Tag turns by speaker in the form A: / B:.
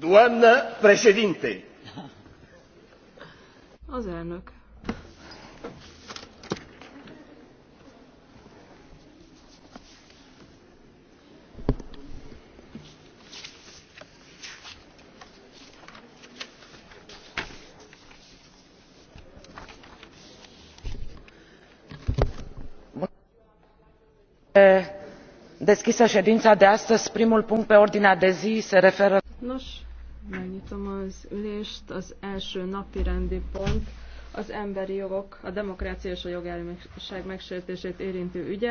A: Doamnă
B: președinte!
C: Az elnök.
D: deschisă ședința de astăzi primul punct pe ordinea de zi se referă Nos, megnyitom
E: az ülést. Az első napi rendi pont az emberi jogok, a demokrácia és a jogállamiság megsértését érintő ügye